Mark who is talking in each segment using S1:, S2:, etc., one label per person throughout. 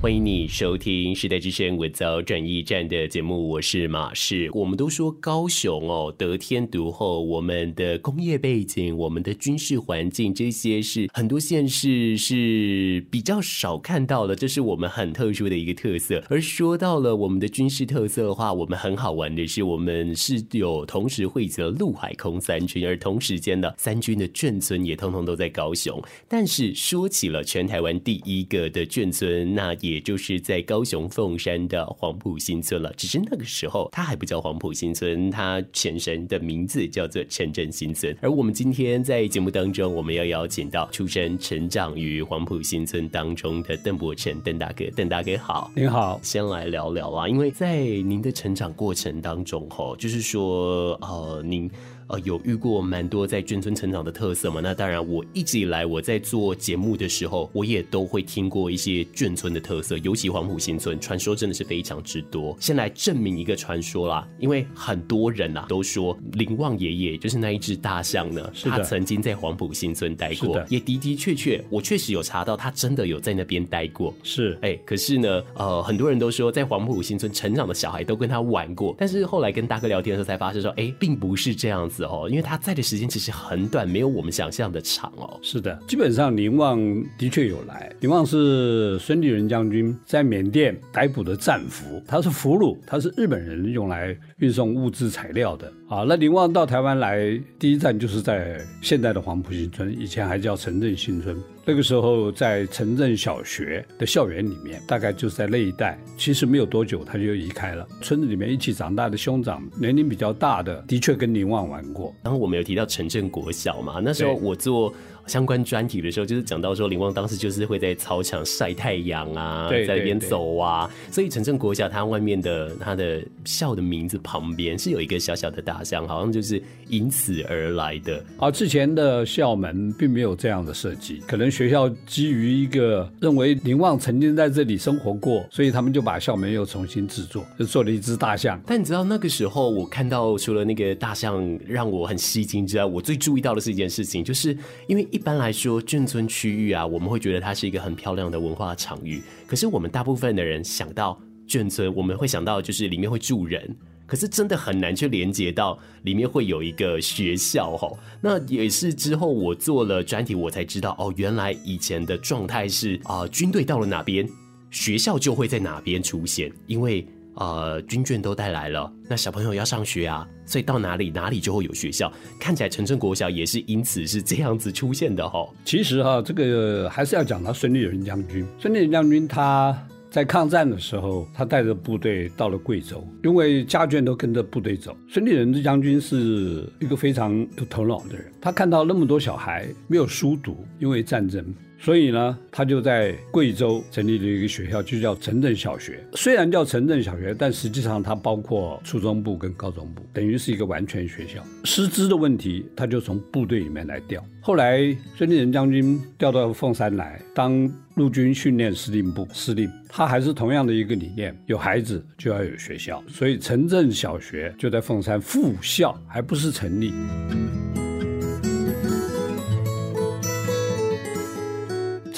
S1: 歡迎你收聽《時代之聲》，我叫轉驛站的節目，我是馬氏。我們都說高雄哦，得天獨厚，我們的工業背景、我們的軍事環境，這些是很多縣市是比較少看到的，這是我們很特殊的一個特色。而說到了我們的軍事特色的話，我們很好玩的是，我們是有同時匯集了陸海空三軍，而同時間的三軍的眷村也通通都在高雄。但是說起了全台灣第一個的眷村，那也。也就是在高雄鳳山的黃埔新村了，只是那個時候它還不叫黃埔新村，它前身的名字叫做誠正新村。而我們今天在節目當中，我們要邀請到出生、成長於黃埔新村當中的鄧伯宸，鄧大哥，鄧大哥好，您好，先來聊聊啊，因為在您的成長過程當中，吼，就是說，呃，您。呃，有遇過蠻多在眷村成長的特色嘛？那當然，我一直以來我在做節目的時候，我也都會聽過一些眷村的特色，尤其黃埔新村傳說真的是非常之多。先來證明一個傳說啦，因為很多人啊都說林旺爺爺就是那一只大象呢，是的他曾經在黃埔新村待過，是的也的的確確，我確實有查到他真的有在那邊待過。是，哎、欸，可是呢，呃，很多人都說在黃埔新村成長的小孩都跟他玩過，但是後來跟大哥聊天的時候才發現說，哎、欸，並不是這樣子。因為他在的時間其實很短，沒有我們
S2: 想象的長哦。是的，基本上林旺的確有來。林旺是孫立人將軍在緬甸逮捕的戰俘，他是俘虜，他是日本人用來運送物資材料的啊。那林旺到台灣來，第一站就是在現在的黃埔新村，以前還叫誠正新村。那個時候在誠正小學的校園裡面，大概就是在那一帶。其實沒有多久，他就離開了村子裡面一起長大的兄長，年齡比較大的，的確跟林旺玩,玩過。然後我們有提到誠正國小嘛，那時候
S1: 我做。相關專題的時候，就是講到說林旺當時就是會在操場曬太陽啊，對在那邊走啊，所以誠正國小他外面的他的校的名字旁邊是有一個小小的大象，好像就是因此而來的。
S2: 而、啊、之前的校門並沒有這樣的設計，可能學校基於一個認為林旺曾經在這裡生活過，所以他們就把校門又重新制作，就做了一只大象。但你知道那個
S1: 時候，我看到除了那個大象讓我很吸睛之外，我最注意到的是一件事情，就是因為一。一般來說，眷村區域啊，我們會覺得它是一個很漂亮的文化場域。可是，我們大部分的人想到眷村，我們會想到就是裡面會住人。可是，真的很難去連接到裡面會有一個學校。哈，那也是之後我做了專題，我才知道哦，原來以前的狀態是啊、呃，軍隊到了哪邊，學校就會在哪邊出現，因為。呃，軍眷都帶來了，那小朋友要上學啊，所以到哪裡哪裡就會有學校。看起來誠正國小也是因此是這
S2: 樣子出現的哈、哦。其實哈、啊，這個還是要講到孫立人將軍。孫立人將軍他在抗戰的時候，他帶着部隊到了貴州，因為家眷都跟着部隊走。孫立人的將軍是一個非常有頭腦的人，他看到那麼多小孩沒有書讀，因為戰爭。所以呢，他就在貴州成立了一個學校，就叫誠正小學。雖然叫誠正小學，但實際上它包括初中部跟高中部，等於是一個完全學校。師資的問題，他就從部隊裡面來調。後來孫立人將軍調到鳳山來當陸軍訓練司令部司令，他還是同樣的一個理念：有孩子就要有學校。所以誠正小學就在鳳山復校，還不是成立。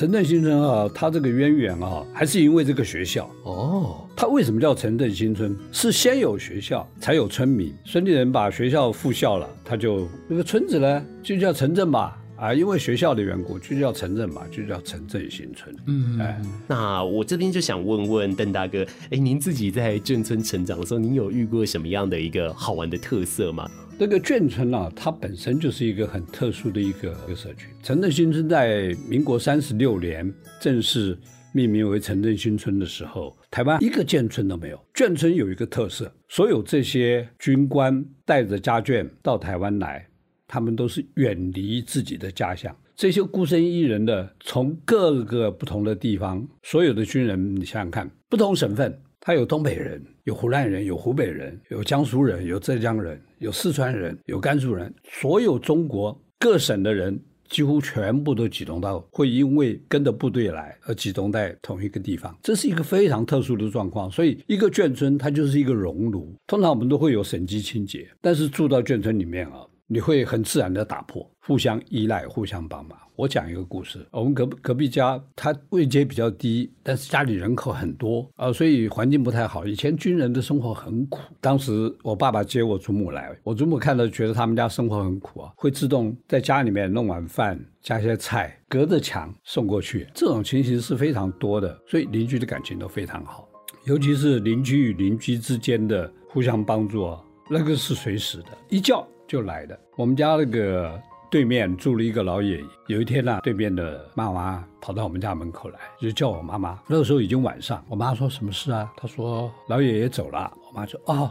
S2: 誠正新村啊，它這個淵源啊，還是因為這個學校哦。它為什麼叫誠正新村？是先有學校，才有村民。孫立人把學校復校了，他就那個村子呢，就叫誠正吧。啊，因為學校的緣故，就叫誠正吧，就叫誠正新村。嗯，嗯，
S1: 嗯，哎，那我這邊就想問問鄧大哥，哎，您自己在眷村成長的時候，您有遇過什麼樣的
S2: 一個好玩的特色嗎？這、那個眷村呢、啊，它本身就是一個很特殊的一個一個社區。誠正新村在民國三十六年正式命名為誠正新村的時候，台灣一個眷村都沒有。眷村有一個特色，所有這些軍官帶着家眷到台灣來，他們都是遠離自己的家鄉，這些孤身一人的從各個不同的地方，所有的軍人，你想想看，不同省份。他有東北人，有湖南人，有湖北人，有江蘇人，有浙江人，有四川人，有甘肅人，所有中國各省的人幾乎全部都集中到，會因為跟着部隊來而集中在同一個地方，這是一個非常特殊的狀況。所以一個眷村它就是一個熔爐。通常我們都會有省籍情結，但是住到眷村裡面啊。你會很自然的打破，互相依賴、互相幫忙。我講一個故事，我們隔隔壁家，他位階比較低，但是家裡人口很多啊，呃，所以環境不太好。以前軍人的生活很苦，當時我爸爸接我祖母來，我祖母看到覺得他們家生活很苦啊，會自動在家裡面弄碗飯，加一些菜，隔着牆送過去。這種情形是非常多的，所以鄰居的感情都非常好，尤其是鄰居與鄰居之間的互相幫助啊，那個是隨時的，一叫。就來的，我們家那個對面住了一個老爺爺，有一天呢、啊，對面的媽媽跑到我們家門口來，就叫我媽媽。那個時候已經晚上，我媽說什麼事啊？她說老爺爺走了。我媽說哦，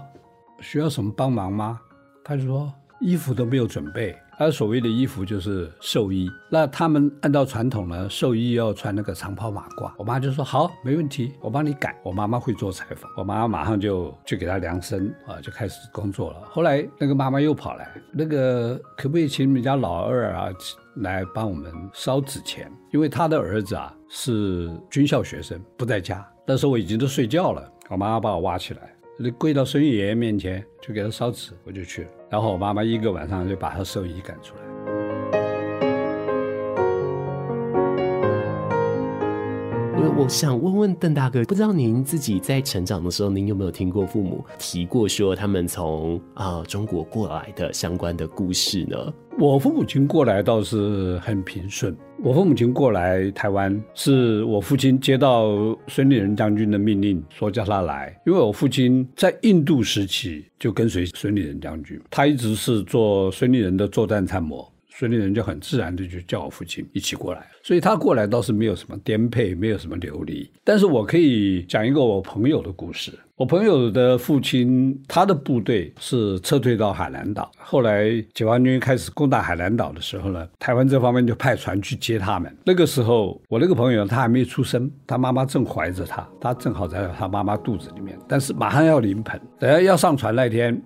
S2: 需要什麼幫忙嗎？她就說衣服都沒有準備。他所謂的衣服就是壽衣，那他們按照傳統呢，壽衣要穿那個長袍馬褂。我媽就說好，沒問題，我幫你改。我媽媽會做裁縫，我媽媽馬上就去給他量身啊，就開始工作了。後來那個媽媽又跑來，那個可不可以請你們家老二啊來幫我們燒紙錢？因為他的兒子啊是軍校學生，不在家。那時候我已經都睡覺了，我媽媽把我挖起來，就跪到孫爺爺面前就給他燒紙，我就去了。然後我媽媽一個晚上就把他獸醫趕出來。
S1: 我我想問問鄧大哥，不知道您自己在成長的時候，您有沒有聽過父母提過說他們從啊、呃、中國過來的相關的故事呢？
S2: 我父母親過來倒是很平順。我父母親過來台灣，是我父親接到孫立人將軍的命令，說叫他來。因為我父親在印度時期就跟隨孫立人將軍，他一直是做孫立人的作戰參謀。所以人家很自然的就叫我父親一起過來，所以他過來倒是沒有什麼顛沛，沒有什麼流離。但是我可以講一個我朋友的故事。我朋友的父親，他的部隊是撤退到海南島，後來解放軍開始攻打海南島的時候呢，台灣這方面就派船去接他們。那個時候我那個朋友他還沒出生，他媽媽正懷着他，他正好在他媽媽肚子裡面，但是馬上要臨盆，等下要上船那天，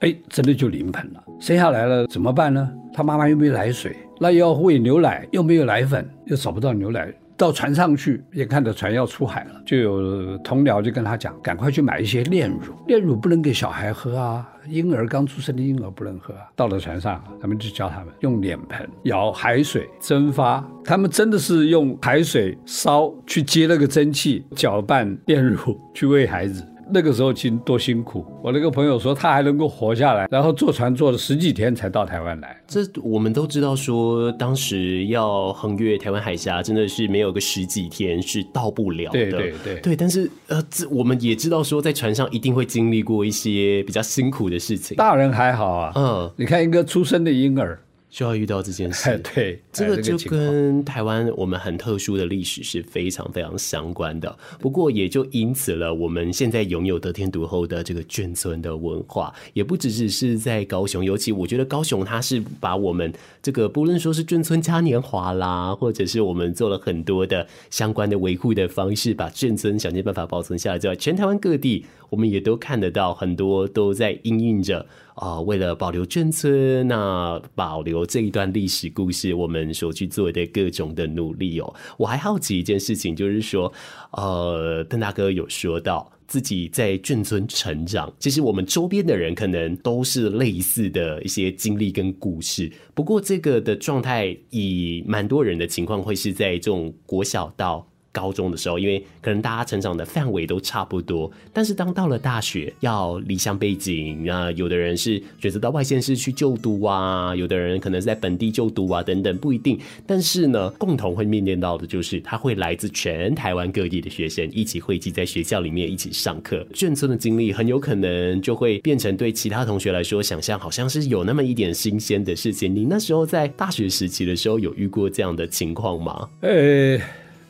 S2: 哎，真的就臨盆了。生下來了怎麼辦呢？他媽媽又沒奶水，那要餵牛奶又沒有奶粉，又找不到牛奶。到船上去，眼看着船要出海了，就有同僚就跟他講，趕快去買一些煉乳。煉乳不能給小孩喝啊，嬰兒，剛出生的嬰兒不能喝啊。到了船上，他們就教他們用臉盆舀海水蒸發，他們真的是用海水燒去接那個蒸汽，攪拌煉乳去餵孩子。那個時候，其實多辛苦。我那個朋友說，他還能夠活下來，然後坐船坐了十幾天才到台灣來。這我們都知道，說當
S1: 時要橫越台灣海峽，真的是沒有個十幾天是到不了的。對對對，對。但是呃，這我們也知道，說在船上一定會經歷過一些比較辛苦的事情。大人還好啊，嗯，你看一個出生的嬰兒。就要遇到這件事，對，這個就跟台灣我們很特殊的歷史是非常非常相關的。不過，也就因此了，我們現在擁有得天獨厚的這個眷村的文化，也不只只是在高雄。尤其我覺得高雄它是把我們這個不論說是眷村嘉年華啦，或者是我們做了很多的相關的維護的方式，把眷村想盡辦法保存下來，就在全台灣各地，我們也都看得到很多都在應用著。啊、呃，為了保留眷村，那保留這一段歷史故事，我們所去做的各種的努力哦。我還好奇一件事情，就是說，呃，鄧大哥有說到自己在眷村成長，其實我們周邊的人可能都是類似的一些經歷跟故事。不過，這個的狀態以蠻多人的情況會是在這種國小到。高中的時候，因為可能大家成長的範圍都差不多，但是當到了大學，要離鄉背井，啊，有的人是選擇到外縣市去就讀啊，有的人可能在本地就讀啊，等等不一定。但是呢，共同會面臨到的就是，他會來自全台灣各地的學生一起匯集在學校裡面一起上課。眷村的經歷很有可能就會變成對其他同學來說，想象好像是有那麼一點新鮮的事情。你那時候在大學時期的時候，有遇過這樣的情況嗎？
S2: 呃、hey。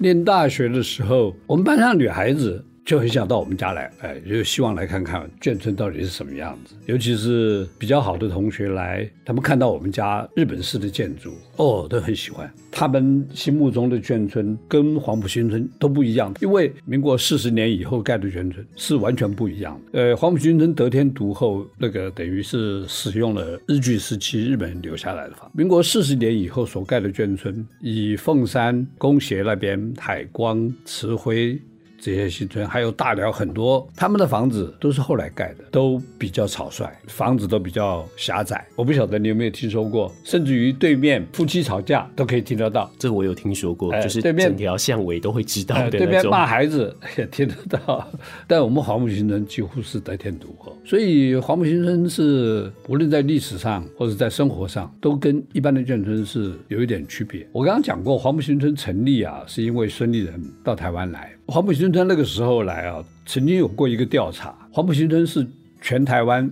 S2: 念大學的時候，我們班上女孩子，就很想到我們家來，哎，就希望來看看眷村到底是什麼樣子。尤其是比較好的同學來，他們看到我們家日本式的建築，哦，都很喜歡。他們心目中的眷村跟黃埔新村都不一樣，因為民國四十年以後蓋的眷村是完全不一樣的。呃，黃埔新村得天獨厚，那個等於是使用了日據時期日本人留下來的房，民國四十年以後所蓋的眷村，以鳳山工協那邊海光、慈暉這些新村還有大寮很多，他們的房子都是後來蓋的，都比較草率，房子都比較狹窄。我不曉得你有沒有聽說過，甚至於對面夫妻吵架都可以聽得到？這我有聽說過，呃、就是對面整條巷尾都會知道，呃對，面呃、對，對面罵孩子也聽得到。但我們黃埔新村幾乎是得天獨厚，所以黃埔新村是無論在歷史上或者在生活上，都跟一般的眷村是有一點區別。我剛剛講過，黃埔新村成立啊，是因為孫立人到台灣來。黃埔新村那個時候來啊，曾經有過一個調查，黃埔新村是全台灣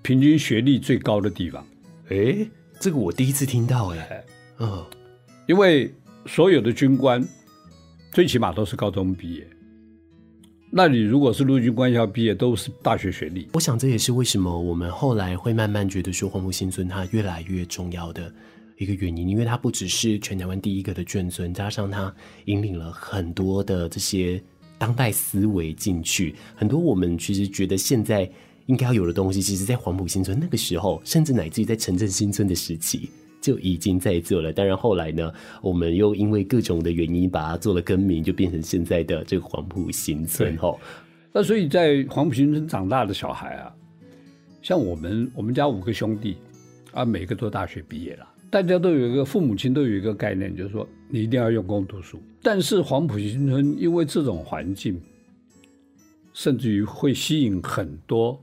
S2: 平均學歷最高的地方。誒，這個我第一次聽到誒。嗯，因為所有的軍官最起碼都是高中畢業。那你如果是陸軍官校畢業，都是大學學歷。我想這也是為什麼
S1: 我們後來會慢慢覺得說黃埔新村它越來越重要的。一個原因，因為它不只是全台灣第一個的眷村，加上它引領了很多的這些當代思維進去，很多我們其實覺得現在應該要有的東西，其實在黃埔新村那個時候，甚至乃至於在誠正新村的時期就已經在做了。當然後來呢，我們又因為各種的原因把它做了更名，就變成現在的這個黃
S2: 埔新村。哦。那所以在黃埔新村長大的小孩啊，像我們我們家五個兄弟啊，每個都大學畢業了。大家都有一個父母親都有一個概念，就是說你一定要用功讀書。但是黃埔新村因為這種環境，甚至於會吸引很多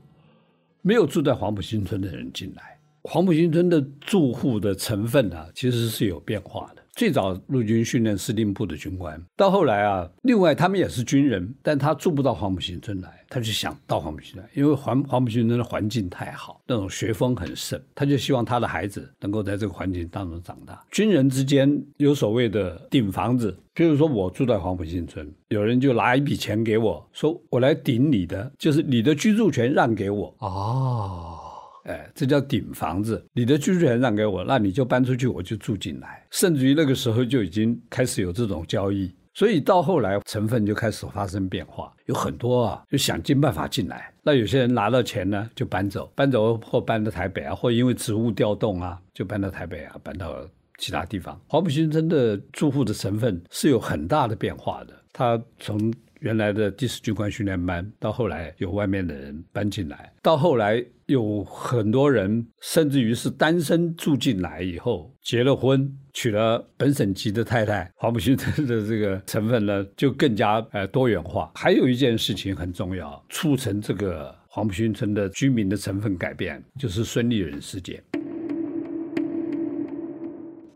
S2: 沒有住在黃埔新村的人進來。黃埔新村的住戶的成分呢、啊，其實是有變化的。最早陸軍訓練司令部的軍官，到後來啊，另外他們也是軍人，但他住不到黃埔新村來，他就想到黃埔新村來，因為黃黃埔新村的環境太好，那種學風很盛，他就希望他的孩子能夠在這個環境當中長大。軍人之間有所謂的頂房子，比如說我住在黃埔新村，有人就拿一筆錢給我說，我來頂你的，就是你的居住權讓給我。哦。哎，這叫頂房子，你的居住權讓給我，那你就搬出去，我就住進來。甚至於那個時候就已經開始有這種交易，所以到後來成分就開始發生變化，有很多啊就想盡辦法進來。那有些人拿到錢呢就搬走，搬走或搬到台北啊，或因為職務調動啊就搬到台北啊，搬到其他地方。黃埔新村的住戶的成分是有很大的變化的，他從原來的第四軍官訓練班到後來有外面的人搬進來，到後來。有很多人，甚至於是單身住進來以後，結了婚，娶了本省籍的太太，黃埔新村的這個成分呢就更加呃多元化。還有一件事情很重要，促成這個黃埔新村的居民的成分改變，就是孫立人事件。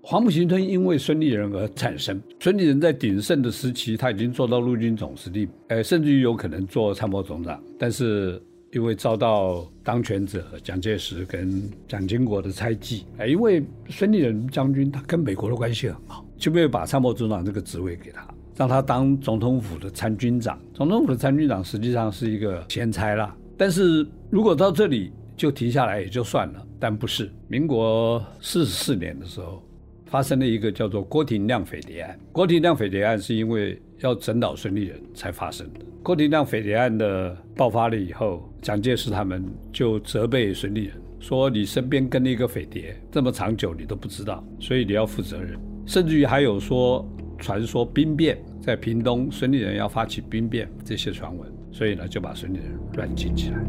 S2: 黃埔新村因為孫立人而產生，孫立人在鼎盛的時期，他已經做到陸軍總司令，呃，甚至於有可能做參謀總長，但是。因為遭到當權者蔣介石跟蔣經國的猜忌，哎，因為孫立人將軍他跟美國的關係很好，就沒有把參謀總長這個職位給他，讓他當總統府的參軍長。總統府的參軍長實際上是一個閒差啦。但是如果到這裡就停下來也就算了，但不是。民國四十四年的時候，發生了一個叫做郭廷亮匪諜案。郭廷亮匪諜案是因為要整倒孫立人才發生的。郭廷亮匪諜案的爆發了以後。蔣介石他們就責備孫立人，說你身邊跟了一個匪諜，這麼長久你都不知道，所以你要負責任。甚至於還有說傳說兵變在屏東，孫立人要發起兵變這些傳聞，所以呢就把孫立人軟禁起來。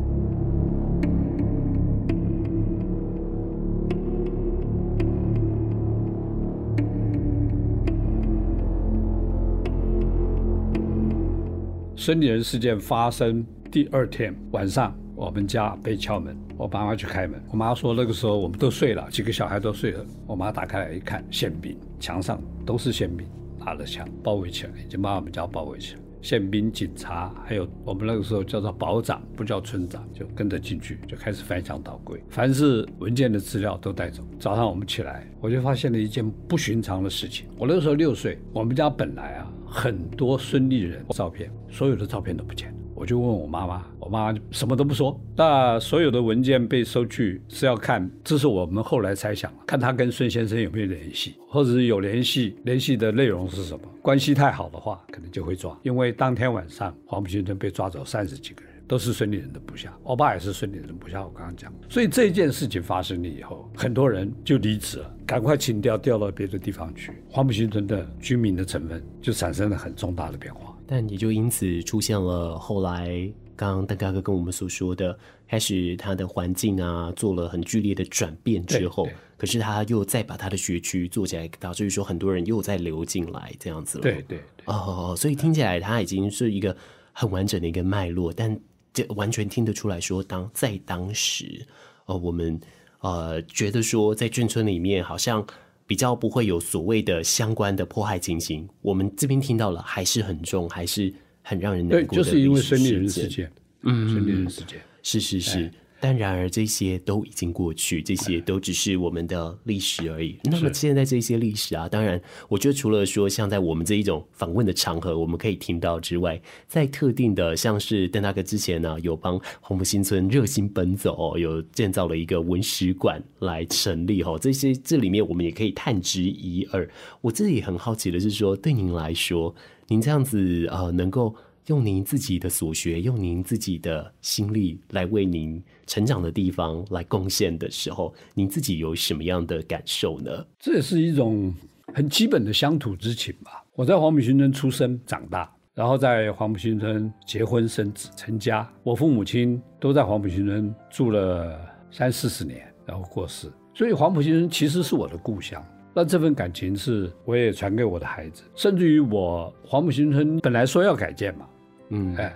S2: 孫立人事件發生。第二天晚上，我們家被敲門。我爸媽去開門。我媽說，那個時候我們都睡了，幾個小孩都睡了。我媽打開來一看，憲兵，牆上都是憲兵，拿着槍包圍起來，已經把我們家包圍起來。憲兵、警察，還有我們那個時候叫做保長，不叫村長，就跟着進去，就開始翻箱倒櫃，凡是文件的資料都帶走。早上我們起來，我就發現了一件不尋常的事情。我那個時候六歲，我們家本來啊很多孫立人照片，所有的照片都不見我就問我媽媽，我媽媽什麼都不說。那所有的文件被收去是要看，這是我們後來猜想，看他跟孫先生有沒有聯繫，或者是有聯繫，聯繫的內容是什麼。關係太好的話，可能就會抓。因為當天晚上，黃埔新村被抓走三十幾個人，都是孫立人的部下，我爸也是孫立人的部下。我剛剛講，所以這件事情發生了以後，很多人就離職了，趕快請調，調到別的地方去。黃埔新村的居民的成分就產生了很重大的變化。但也就因此
S1: 出現了後來剛剛鄧大哥跟我們所說的，開始他的環境啊做了很劇烈的轉變之後，可是他又再把他的學區做起來，導致於說很多人又再流進來這樣子。對對對哦，哦，所以聽起來他已經是一個很完整的一個脈絡，但這完全聽得出來說當在當時，呃我們呃覺得說在眷村裡面好像。比較不會有所謂的相關的迫害情形，我們這邊聽到了還是很重，還是很讓人難過的。對，就是因為孫立人事件，嗯，孫立人事件，是是是。但然而這些都已經過去，這些都只是我們的歷史而已。那麼現在這些歷史啊，當然，我覺得除了說像在我們這一種訪問的場合，我們可以聽到之外，在特定的像是鄧大哥之前呢、啊，有幫黃埔新村熱心奔走、哦，有建造了一個文史館來成立哈、哦，這些這裡面我們也可以探知一二。我自己很好奇的是說，對您來說，您這樣子啊、呃，能夠。用您自己的所學，用您自己的心力來為您成長的地方來貢獻的時候，您自己有什麼樣的感受呢？
S2: 這也是一種很基本的鄉土之情吧。我在黃埔新村出生、長大，然後在黃埔新村結婚、生子、成家。我父母親都在黃埔新村住了三四十年，然後過世，所以黃埔新村其實是我的故鄉。那這份感情是我也傳給我的孩子，甚至於我黃埔新村本來說要改建嘛。嗯，哎，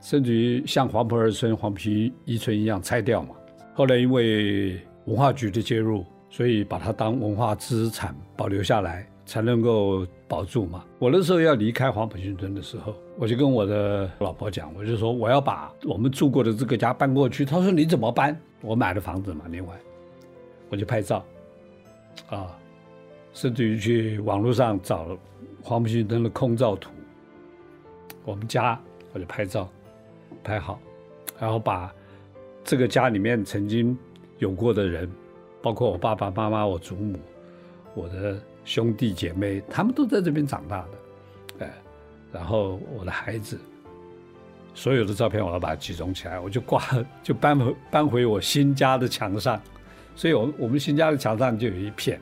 S2: 甚至於像黃埔二村、黃埔一村一樣拆掉嘛。後來因為文化局的介入，所以把它當文化資產保留下來，才能夠保住嘛。我那時候要離開黃埔新村的時候，我就跟我的老婆講，我就說我要把我們住過的這個家搬過去。她說你怎麼搬？我買了房子嘛。另外，我就拍照，啊，甚至於去網絡上找了黃埔新村的空照圖。我們家我就拍照，拍好，然後把這個家裡面曾經有過的人，包括我爸爸媽媽、我祖母、我的兄弟姐妹，他們都在這邊長大的，哎，然後我的孩子，所有的照片我要把它集中起來，我就掛，就搬回搬回我新家的牆上，所以我我們新家的牆上就有一片。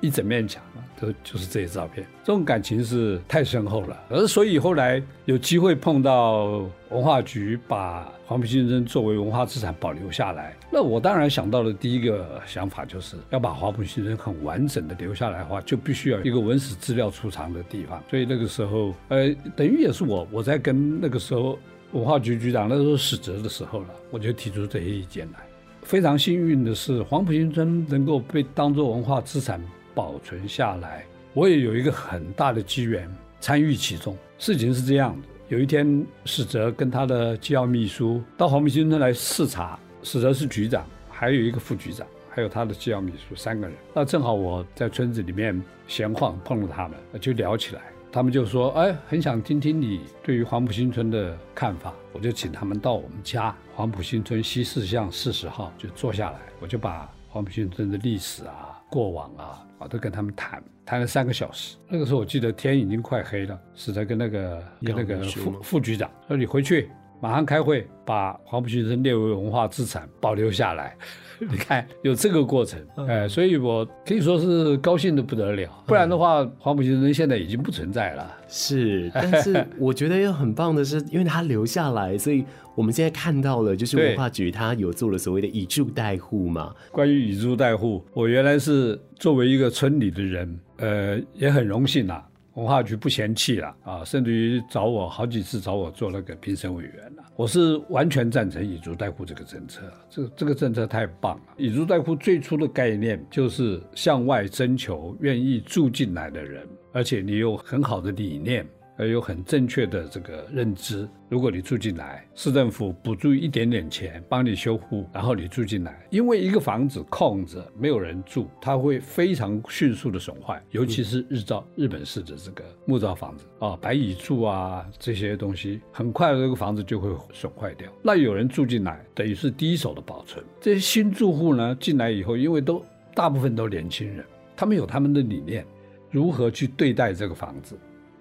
S2: 一整面牆都就是這些照片，這種感情是太深厚了。而所以後來有機會碰到文化局，把黃埔新村作為文化資產保留下來。那我當然想到的第一個想法就是要把黃埔新村很完整的留下來的話，就必須要有一個文史資料儲藏的地方。所以那個時候，呃，等於也是我我在跟那個時候文化局局長那時候史哲的時候了，我就提出這些意見來。非常幸運的是，黃埔新村能夠被當作文化資產保存下來，我也有一個很大的機緣參與其中。事情是這樣的，有一天，史哲跟他的機要秘書到黃埔新村來視察，史哲是局長，還有一個副局長，還有他的機要秘書三個人。那正好我在村子裡面閒晃，碰了他們，就聊起來。他們就說：“哎、欸，很想聽聽你對於黃埔新村的看法。”我就請他們到我們家黃埔新村西四巷四十號就坐下來，我就把黃埔新村的歷史啊、過往啊。好，都跟他們談，談了三個小時。那個時候，我記得天已經快黑了，是在跟那個跟那個副副局長說：“你回去。”馬上開會，把黃埔新村列為文化資產保留下來。你看有這個過程，哎，所以我可以說是高興的不得了。不然的話，黃埔新村現在已經不存在了，嗯。是，但是我覺得又很
S1: 棒的是，因為他留下來，所以我們現在看到了，就是文化局他有做了所謂的以
S2: 住代護嘛。關於以住代護，我原來是作為一個村裡的人，呃，也很榮幸啊。文化局不嫌棄了啊，甚至於找我好幾次找我做那個評審委員了。我是完全贊成以住代護這個政策，這這個政策太棒了。以住代護最初的概念就是向外徵求願意住進來的人，而且你有很好的理念。要有很正確的這個認知。如果你住進來，市政府補助一點點錢，幫你修護，然後你住進來，因為一個房子空着沒有人住，它會非常迅速的損壞，尤其是日照、嗯、日本式的這個木造房子啊、哦，白蟻蛀啊這些東西，很快這個房子就會損壞掉。那有人住進來，等於是第一手的保存。這些新住戶呢進來以後，因為都大部分都年輕人，他們有他們的理念，如何去對待這個房子？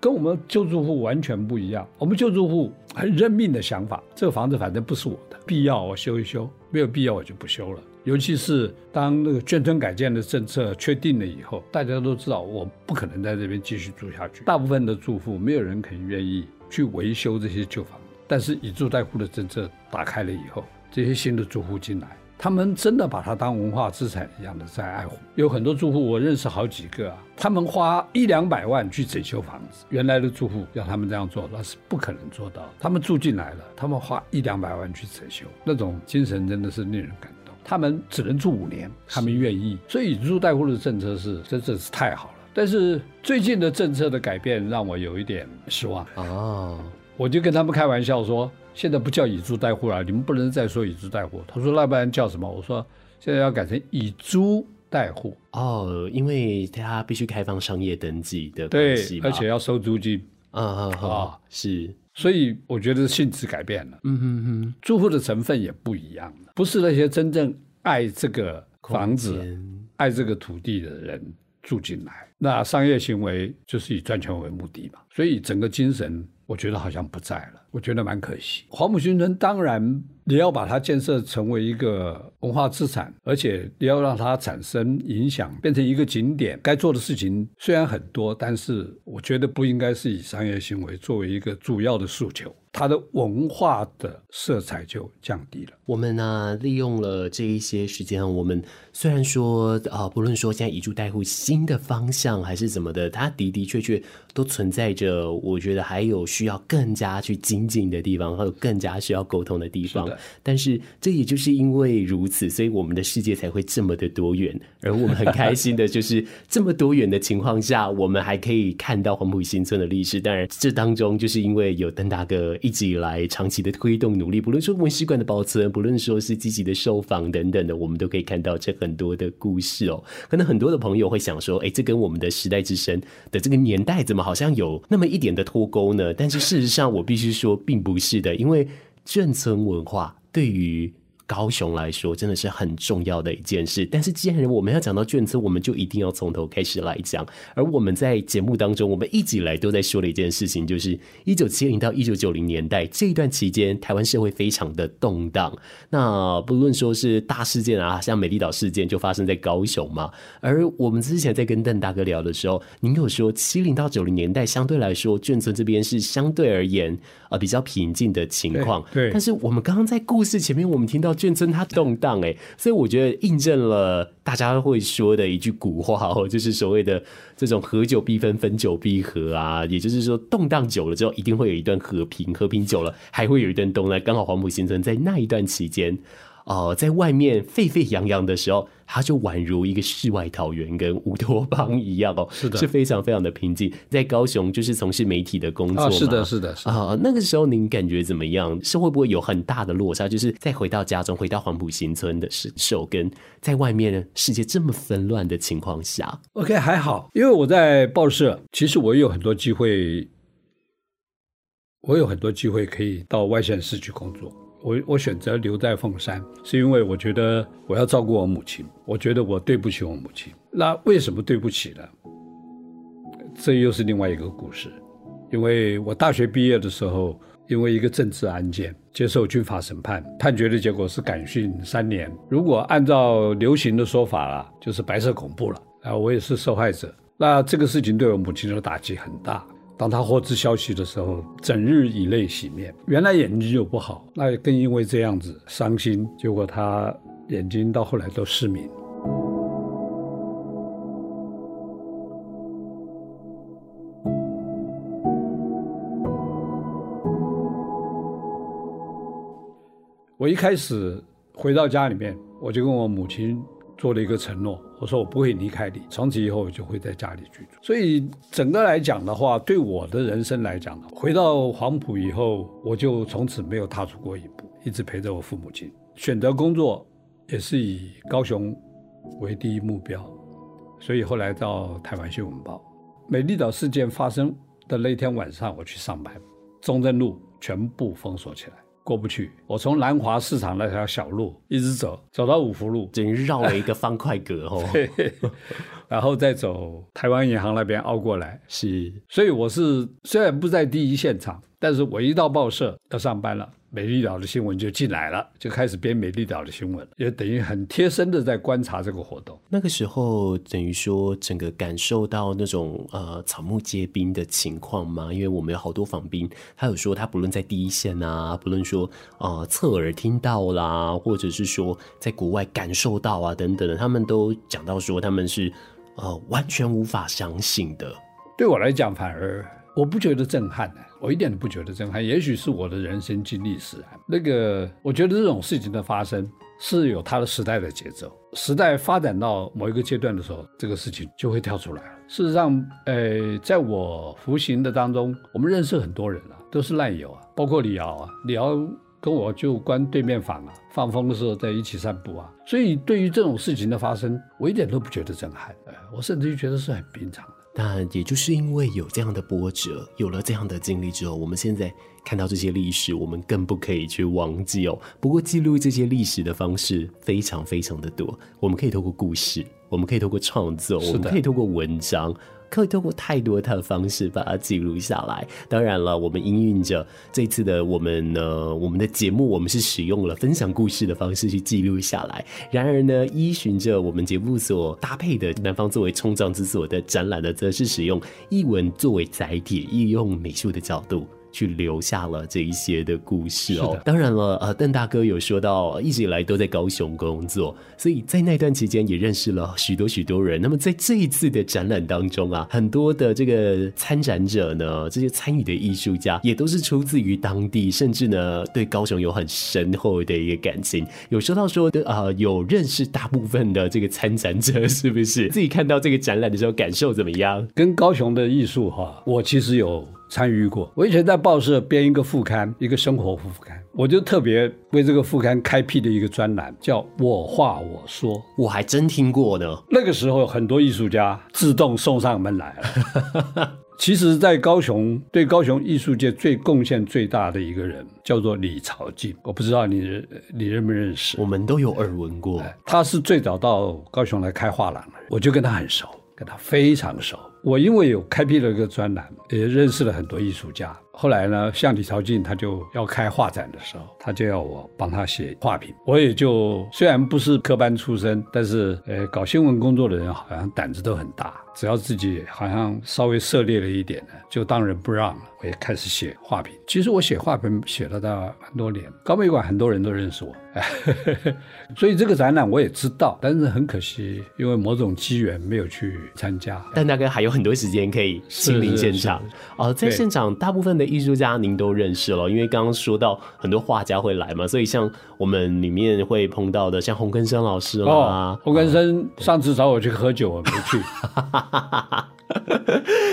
S2: 跟我們舊住戶完全不一樣。我們舊住戶很認命的想法，這個房子反正不是我的，必要我修一修，沒有必要我就不修了。尤其是當那個眷村改建的政策確定了以後，大家都知道我不可能在這邊繼續住下去。大部分的住戶沒有人肯願意去維修這些舊房，但是以住代護的政策打開了以後，這些新的住戶進來。他們真的把它當文化資產一樣的在愛護，有很多住戶我認識好幾個啊，他們花一兩百萬去整修房子，原來的住戶要他們這樣做那是不可能做到，他們住進來了，他們花一兩百萬去整修，那種精神真的是令人感動。他們只能住五年，他們願意，所以以住代護的政策是真的是太好了。但是最近的政策的改變讓我有一點失望啊。哦我就跟他們開玩笑說，現在不叫以住代護了，啊，你們不能再說以住代護。他說，那不然叫什麼？我說，現在要改成以租代戶哦，因為他必須開放商業登記，對不對？而且要收租金。啊、哦、啊、哦，是，所以我覺得性質改變了。嗯嗯嗯，租戶的成分也不一樣了，不是那些真正愛這個房子、愛這個土地的人住進來，那商業行為就是以賺錢為目的嘛，所以整個精神。我覺得好像不在了。我覺得蠻可惜。黃埔新村當然，你要把它建設成為一個文化資產，而且你要讓它產生影響，變成一個景點。該做的事情雖然很多，但是我覺得不應該是以商業行為作為一個主要的訴求，它的文化的色彩就降低了。我們呢、啊，利用了這
S1: 一些時間，我們雖然說啊、哦，不論說現在以住代護新的方向還是怎麼的，它的的確確都存在着，我覺得還有需要更加去精。近的地方還有更加需要溝通的地方，但是這也就是因為如此，所以我們的世界才會這麼的多元。而我們很開心的就是，這麼多元的情況下， 我們還可以看到黃埔新村的歷史。當然，這當中就是因為有鄧大哥一直以來長期的推動努力，不論說文史館的保存，不論說是積極的受訪等等的，我們都可以看到這很多的故事哦。可能很多的朋友會想說，哎，這跟我們的時代之聲的這個年代怎麼好像有那麼一點的脫鈎呢？但是事實上，我必須說。並不是的，因為眷村文化對於高雄來說，真的是很重要的一件事。但是，既然我們要講到眷村，我們就一定要從頭開始來講。而我們在節目當中，我們一直以來都在說的一件事情，就是一九七零到一九九零年代這一段期間，台灣社會非常的動盪。那不論說是大事件啊，像美麗島事件就發生在高雄嘛。而我們之前在跟鄧大哥聊的時候，您有說七零到九零年代相對來說，眷村這邊是相對而言啊比較平靜的情況。對。但是我們剛剛在故事前面，我們聽到。眷村它動盪誒、欸，所以我覺得印證了大家會說的一句古話哦，就是所謂的這種“合久必分，分久必合”啊，也就是說，動盪久了之後一定會有一段和平，和平久了還會有一段動盪。剛好黃埔新村在那一段期間，哦、呃，在外面沸沸揚揚的時候，他就宛如一個世外桃源跟烏托邦一樣哦，是的，是非常非常的平靜。在高雄就是從事媒體的工作、啊，是的，是的，是的。啊、呃，那個時候您感覺怎麼樣？是會不會有很大的落差？就是再回到家中，回到黃埔新村的時候，跟在外面世界這麼紛亂的情況下
S2: ，OK 還好，因為我在報社，其實我有很多機會，我有很多機會可以到外縣市去工作。我我選擇留在鳳山，是因為我覺得我要照顧我母親，我覺得我對不起我母親。那為什麼對不起呢？這又是另外一個故事。因為我大學畢業的時候，因為一個政治案件接受軍法審判，判決的結果是感訓三年。如果按照流行的說法了啊，就是白色恐怖了啊！我也是受害者。那這個事情對我母親的打擊很大。當他獲知消息的時候，整日以淚洗面。原來眼睛就不好，那也更因為這樣子傷心，結果他眼睛到後來都失明。 我一開始回到家裡面，我就跟我母親做了一個承諾。我說我不會離開你，從此以後我就會在家裡居住。所以整個來講的話，對我的人生來講，回到黃埔以後，我就從此沒有踏出過一步，一直陪着我父母親。選擇工作也是以高雄為第一目標，所以後來到台灣新聞報。美麗島事件發生的那天晚上，我去上班，中正路全部封鎖起來。過不去，我從南華市場那條小路一直走，走到五福路，等於繞了一個方塊格哦， 然後再走台灣銀行那邊凹過來，是，所以我是雖然不在第一現場。但是我一到報社要上班了，美麗島的新聞就進來了，就開始編美麗島的新聞，也等於很貼身的在觀察這個活動。那個時候，
S1: 等於說整個感受到那種呃草木皆兵的情況嘛，因為我們有好多訪兵，他有說他不論在第一線啊，不論說呃側耳聽到啦，或者是說在國外感受到啊等等的，他們都講到說他們是呃完全無法相
S2: 信的。對我來講，反而。我不覺得震撼呢，我一點都不覺得震撼。也許是我的人生經歷使然。那個，我覺得這種事情的發生是有它的時代的節奏。時代發展到某一個階段的時候，這個事情就會跳出來了。事實上，呃、哎，在我服刑的當中，我們認識很多人啊，都是難友啊，包括李敖啊。李敖跟我就關對面房啊，放風的時候在一起散步啊。所以，對於這種事情的發生，我一點都不覺得震撼。哎，我甚至於覺得是很平常。
S1: 但也就是因為有這樣的波折，有了這樣的經歷之後，我們現在看到這些歷史，我們更不可以去忘記哦。不過記錄這些歷史的方式非常非常的多，我們可以透過故事，我們可以透過創作，我們可以透過文章。可以透過太多的方式把它記錄下來。當然了，我們音韻着這次的我們呢、呃，我們的節目，我們是使用了分享故事的方式去記錄下來。然而呢，依循着我們節目所搭配的南方作為衝撞之所的展覽的，則是使用藝文作為載體，運用美術的角度，去留下了這一些的故事哦。當然了，呃，鄧大哥有說到一直以來都在高雄工作，所以在那段期間也認識了許多許多人。那麼在這一次的展覽當中啊，很多的這個參展者呢，這些參與的藝術家也都是出自於當地，甚至呢對高雄有很深厚的一個感情。有說到說的，呃，有認識大部分的這個參展者，是不是？ 自己看到這個展覽的時候感受怎麼樣？
S2: 跟高雄的藝術哈，我其實有。參與過，我以前在報社編一個副刊，一個生活副刊，我就特別為這個副刊開闢的一個專欄，叫我話我說，我還真聽過的。那個時候很多藝術家自動送上門來了。 其實，在高雄，對高雄藝術界最貢獻最大的一個人叫做李朝進。我不知道你你認不認識？我們都有耳聞過，嗯嗯、他是最早到高雄來開畫廊的，我就跟他很熟，跟他非常熟。我因為有開闢了一個專欄，也認識了很多藝術家。後來呢，像李朝進他就要開畫展的時候，他就要我幫他寫畫評。我也就雖然不是科班出身，但是呃，搞新聞工作的人好像膽子都很大。只要自己好像稍微涉獵了一點呢，就當仁不讓了。我也開始寫畫評。其實我寫畫評寫了大概很多年，高美館很多人都認識我， 所以這個展覽我也知道。但是很可惜，因為某種機緣沒有去參加。但大概還有很
S1: 多時間可以親臨現場。是是是是是是，哦，在現場大部分的藝術家您都認識了，因為剛剛說到很多畫家會來嘛，所以像我們裡面會碰到的，像洪根生老師啊，哦，洪根生，
S2: 啊，上次找我去喝酒我沒去。
S1: 哈哈哈，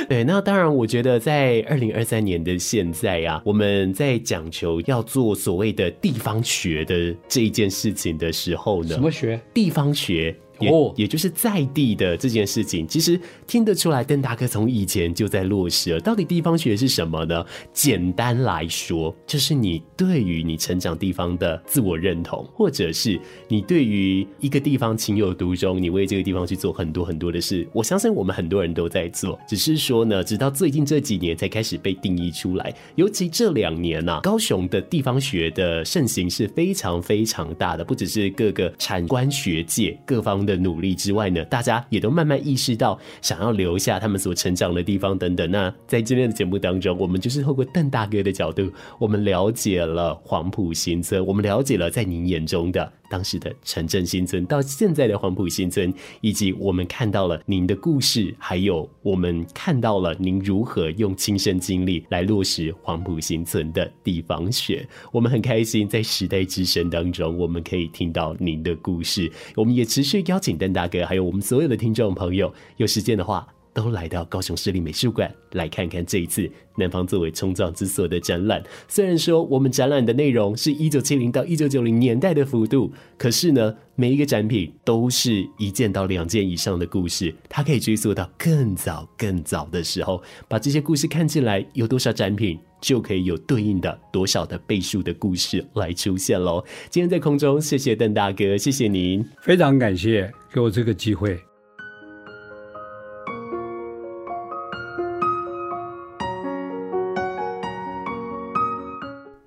S1: 對，那當然，我覺得在二零二三年的現在啊，我們在講求要做所謂的地方學的這一件事情的時候呢，什麼學？地方學。也也就是在地的這件事情，其實聽得出來，鄧大哥從以前就在落實了。到底地方學是什麼呢？簡單來說，就是你對於你成長地方的自我認同，或者是你對於一個地方情有獨鍾，你為這個地方去做很多很多的事。我相信我們很多人都在做，只是說呢，直到最近這幾年才開始被定義出來。尤其這兩年呢、啊，高雄的地方學的盛行是非常非常大的，不只是各個產官學界各方的。的努力之外呢，大家也都慢慢意識到，想要留下他們所成長的地方等等。那在今天的節目當中，我們就是透過鄧大哥的角度，我們了解了黃埔新村，我們了解了在您眼中的。當時的誠正新村到現在的黃埔新村，以及我們看到了您的故事，還有我們看到了您如何用親身經歷來落實黃埔新村的地方學。我們很開心，在時代之聲當中，我們可以聽到您的故事。我們也持續邀請鄧大哥，還有我們所有的聽眾朋友，有時間的話，都來到高雄市立美術館來看看這一次南方作為衝撞之所的展覽。雖然說我們展覽的內容是一九七零到一九九零年代的幅度，可是呢，每一個展品都是一件到兩件以上的故事，它可以追溯到更早更早的時候。把這些故事看起來，有多少展品就可以有對應的多少的倍數的故事來出現嘍。今天在空中，謝謝鄧大哥，謝謝您。
S2: 非常感謝給我這個機會。